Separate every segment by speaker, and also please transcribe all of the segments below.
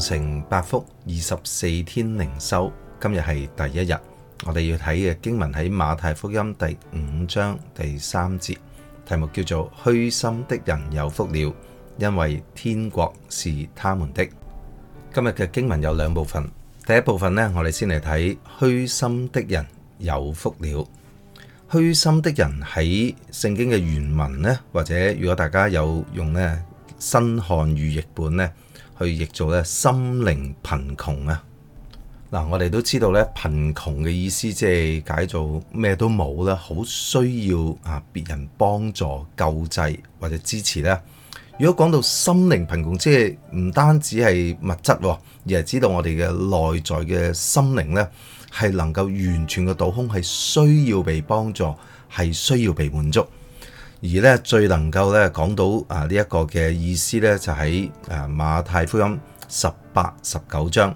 Speaker 1: 傳承八福，二十四天靈修，今日係第一日。我哋要睇嘅經文喺馬太福音第五章第三節，題目叫做虛心的人有福了，因為天國是他們的。今日嘅經文有兩部分，第一部分呢，我哋先嚟睇虛心的人有福了。虛心的人喺聖經嘅原文呢，或者如果大家有用呢「新漢語譯本呢。去譯做咧，心靈貧窮啊。嗱，我哋都知道咧，貧窮嘅意思即係解做咩都冇啦，好需要啊，別人幫助救濟或者支持啦。如果講到心靈貧窮，即係唔單止係物質，而係知道我哋嘅內在嘅心靈咧，係能夠完全嘅倒空，係需要被幫助，係需要被滿足。而咧最能夠咧講到啊呢一個嘅意思咧，就喺誒馬太福音十八十九章。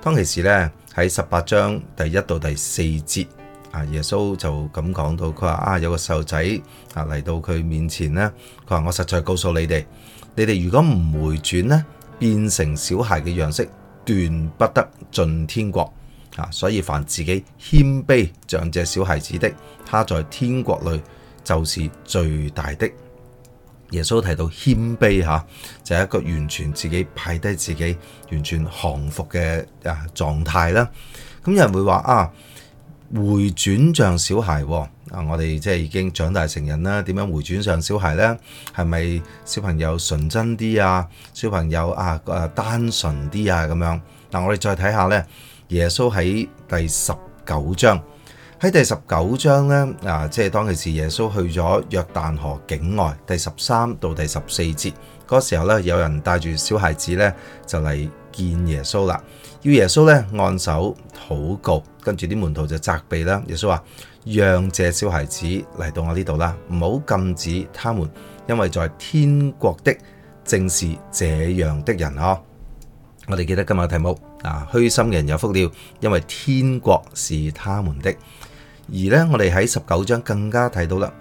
Speaker 1: 當其時咧喺十八章第一到第四節啊，耶穌就咁講到，佢話啊有個細路仔啊嚟到佢面前咧，佢話我實在告訴你哋，你哋如果唔回轉咧，變成小孩嘅樣式，斷不得進天國啊。所以凡自己謙卑像這小孩子的，他在天國裏。就是最大的。耶穌提到謙卑吓，就係一個完全自己派低自己，完全降服嘅啊狀態啦。咁有人會話啊，回轉像小孩啊，我哋即係已經長大成人啦，點樣回轉像小孩呢？係咪小朋友純真啲啊？小朋友啊啊單純啲啊？咁樣？嗱，我哋再睇下呢，耶穌喺第十九章。喺第十九章呢，啊，即係當其時耶穌去咗約旦河境外，第十三到第十四節嗰時候呢，有人帶住小孩子呢就嚟見耶穌啦，要耶穌呢按手禱告，跟住啲門徒就責備啦。耶穌話：讓這小孩子嚟到我呢度啦，唔好禁止他們，因為在天國的正是這樣的人嗬。我哋記得今日嘅題目啊，虛心嘅人有福了，因為天國是他們的。而咧，我哋喺十九章更加睇到啦，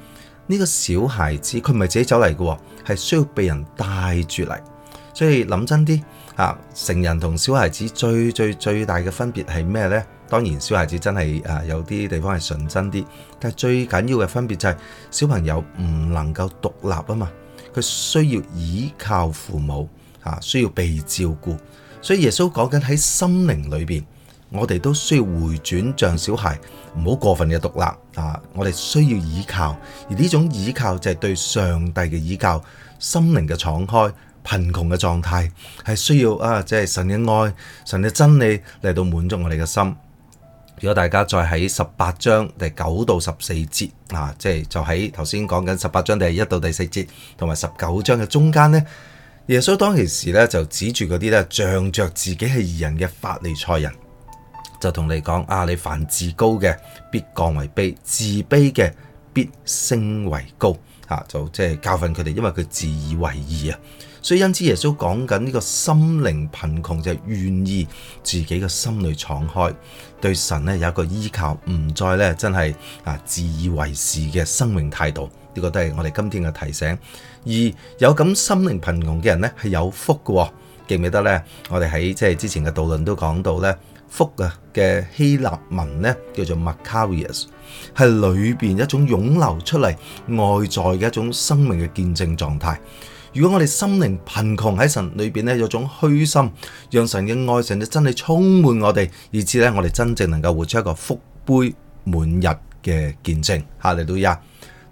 Speaker 1: 呢個小孩子佢唔係自己走嚟嘅，係需要被人帶住嚟。所以諗真啲，成人同小孩子最最最大嘅分別係咩呢？當然，小孩子真係啊有啲地方係純真啲，但係最緊要嘅分別就係小朋友唔能夠獨立啊嘛，佢需要依靠父母啊，需要被照顧。所以耶穌講緊喺心靈裏邊。我哋都需要回轉，像小孩，唔好過分嘅獨立啊！我哋需要倚靠，而呢種倚靠就係對上帝嘅倚靠，心靈嘅敞開，貧窮嘅狀態係需要啊，即係神嘅愛、神嘅真理嚟到滿足我哋嘅心。如果大家再喺十八章第九到十四節啊，即係就喺頭先講緊十八章第一到第四節，同埋十九章嘅中間呢，耶穌當其時咧就指住嗰啲咧，仗着自己係義人嘅法利賽人。就同你講啊，你凡自高嘅必降為卑，自卑嘅必升為高。吓、啊，就即係教訓佢哋，因為佢自以為義啊。所以因此耶穌講緊呢個心靈貧窮就係願意自己嘅心裏敞開，對神咧有一個依靠呢，唔再咧真係啊自以為是嘅生命態度。呢、這個都係我哋今天嘅提醒。而有咁心靈貧窮嘅人咧係有福嘅。哦，記唔記得咧？我哋喺即係之前嘅導論都講到咧。福啊嘅希臘文呢，叫做 Macarius，係裏面一種湧流出嚟外在嘅一種生命嘅見證狀態。如果我哋心靈貧窮喺神裏面呢，有一種虛心，讓神嘅愛，神嘅真理充滿我哋，以至咧我哋真正能夠活出一個福杯滿溢嘅見證。嚇，嚟到二啊。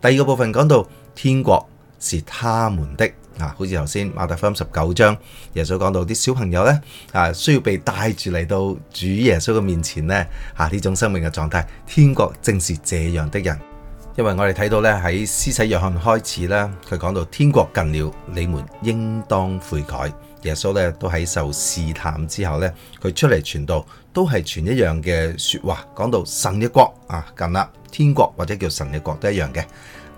Speaker 1: 第二個部分講到天國是他們的。啊，好似頭先馬太福音十九章，耶穌講到啲小朋友呢，啊，需要被帶住嚟到主耶穌嘅面前呢。嚇，呢種生命嘅狀態，天國正是這樣的人。因為我哋睇到呢，喺施洗約翰開始啦，佢講到天國近了，你們應當悔改。耶穌呢，都喺受試探之後呢，佢出嚟傳道都係傳一樣嘅説話，講到神嘅國啊近啦，天國或者叫神嘅國都一樣嘅，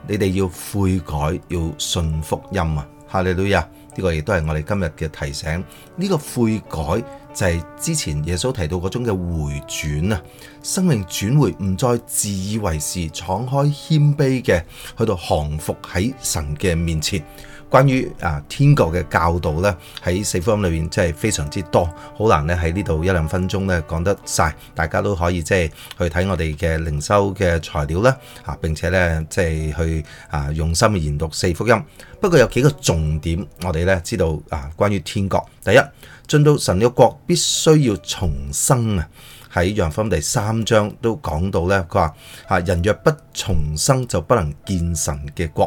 Speaker 1: 你哋要悔改，要信福音啊！哈利路亞！呢個亦都係我哋今日嘅提醒。呢個悔改就係之前耶穌提到嗰種嘅回轉啊，生命轉回，唔再自以為是，敞開謙卑嘅，去到降服喺神嘅面前。關於啊天國嘅教導咧，喺四福音裏面真係非常之多，好難咧喺呢度一兩分鐘咧講得晒，大家都可以即係去睇我哋嘅靈修嘅材料啦，啊，並且咧即係去啊用心研讀四福音。不過有幾個重點，我哋咧知道啊關於天國，第一，進到神嘅國必須要重生啊。喺《約翰》第三章都講到咧，佢話：吓人若不重生就不能見神嘅國；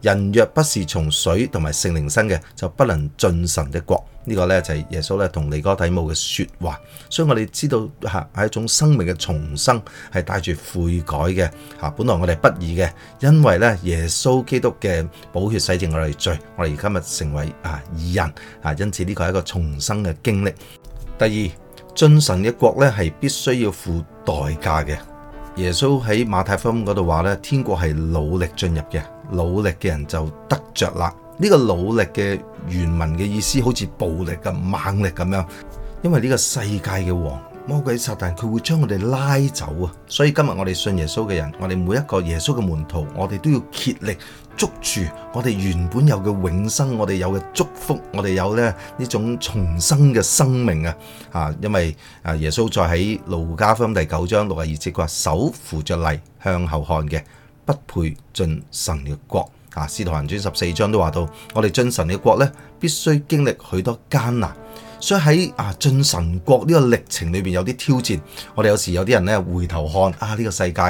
Speaker 1: 人若不是從水同埋聖靈生嘅，就不能進神嘅國。呢、這個咧就係耶穌咧同尼哥底母嘅說話。所以我哋知道吓係一種生命嘅重生，係帶住悔改嘅。吓本來我哋不義嘅，因為咧耶穌基督嘅寶血洗淨我哋罪，我哋而今日成為啊義人啊，因此呢個係一個重生嘅經歷。第二。進神嘅國咧係必須要付代價嘅。耶穌喺馬太福音嗰度話，天國是努力進入嘅，努力嘅人就得着啦。呢這個努力嘅原文嘅意思好似暴力咁、猛力咁樣，因為呢個世界嘅王。魔鬼撒但佢會將我哋拉走啊！所以今日我哋信耶穌嘅人，我哋每一個耶穌嘅門徒，我哋都要竭力捉住我哋原本有嘅永生，我哋有嘅祝福，我哋有咧呢種重生嘅生命啊！因為啊耶穌在喺路加福音第九章六十二節佢話：手扶着犁向後看嘅，不配進神嘅國。啊，使徒行傳十四章都話到，我哋進神嘅國咧，必須經歷許多艱難。所以喺啊進神國呢個歷程裏邊有啲挑戰，我哋有時有啲人呢，回頭看啊呢個世界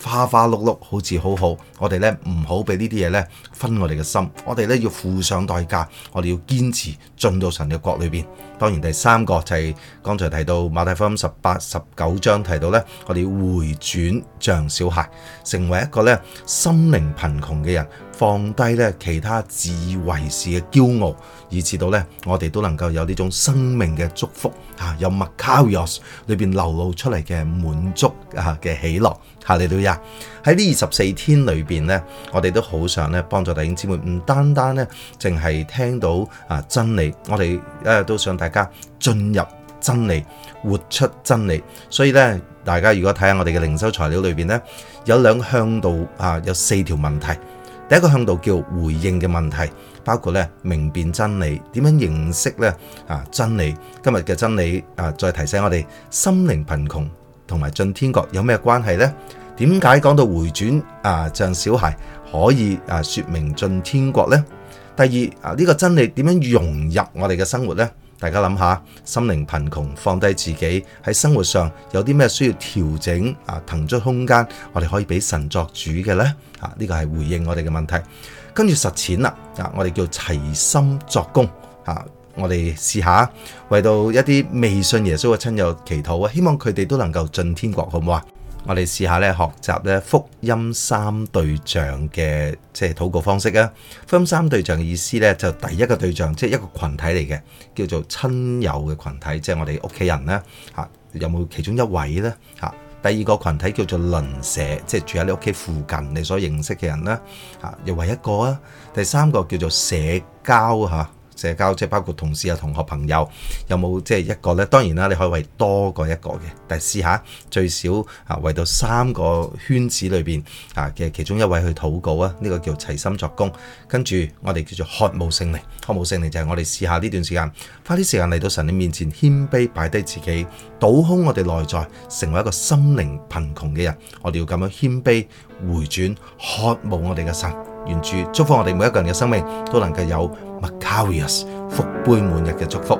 Speaker 1: 花花碌碌，好似好好，我哋呢，唔好俾呢啲嘢呢分我哋嘅心，我哋呢，要付上代價，我哋要堅持進到神嘅國裏邊。當然第三個就係剛才提到馬太福音十八十九章提到呢，我哋要回轉像小孩，成為一個呢，心靈貧窮嘅人。放低咧其他自以為是嘅驕傲，以至到咧我哋都能夠有呢種生命嘅祝福嚇，有 makarios 裏邊流露出嚟嘅滿足啊嘅喜樂嚇，嚟到呀喺呢二十四天裏邊咧，我哋都好想咧幫助弟兄姊妹，唔單單咧淨係聽到啊真理，我哋一日都想大家進入真理，活出真理。所以咧，大家如果睇下我哋嘅靈修材料裏邊咧，有兩向度啊，有四條問題。第一個向導叫回應嘅問題，包括咧明辨真理，點樣認識咧啊真理？今日嘅真理啊，再提醒我哋，心靈貧窮同埋進天國有咩關係呢？點解講到回轉啊，像小孩可以啊説明進天國呢？第二啊，呢個真理點樣融入我哋嘅生活呢？大家諗下，心靈貧窮，放低自己喺生活上有啲咩需要調整啊？騰出空間，我哋可以俾神作主嘅咧。呢個係回應我哋嘅問題，跟住實踐啦。啊，我哋叫齊心作工。我哋試下為到一啲未信耶穌嘅親友祈禱啊，希望佢哋都能夠進天國，好唔好啊？我哋試下咧，學習咧福音三對象嘅，即係禱告方式啊。福音三對象嘅意思咧，就第一個對象即係一個群體嚟嘅，叫做親友嘅群體，即係我哋屋企人咧嚇，有冇其中一位咧嚇？第二個群體叫做鄰舍，即係住喺你屋企附近你所認識嘅人啦嚇，又為一個啊。第三個叫做社交嚇。社交即係包括同事、啊，同學朋友，有冇即係一個咧？當然啦，你可以為多過一個嘅，但係試下最少啊，為到三個圈子裏邊啊嘅其中一位去禱告啊，呢個叫齊心作工。跟住我哋叫做渴慕聖靈，渴慕聖靈就係我哋試下呢段時間，花啲時間嚟到神嘅面前，謙卑擺低自己，倒空我哋內在，成為一個心靈貧窮嘅人。我哋要咁樣謙卑回轉渴慕我哋嘅神。願主祝福我哋每一個人嘅生命，都能夠有 Makarios 福杯滿溢嘅祝福。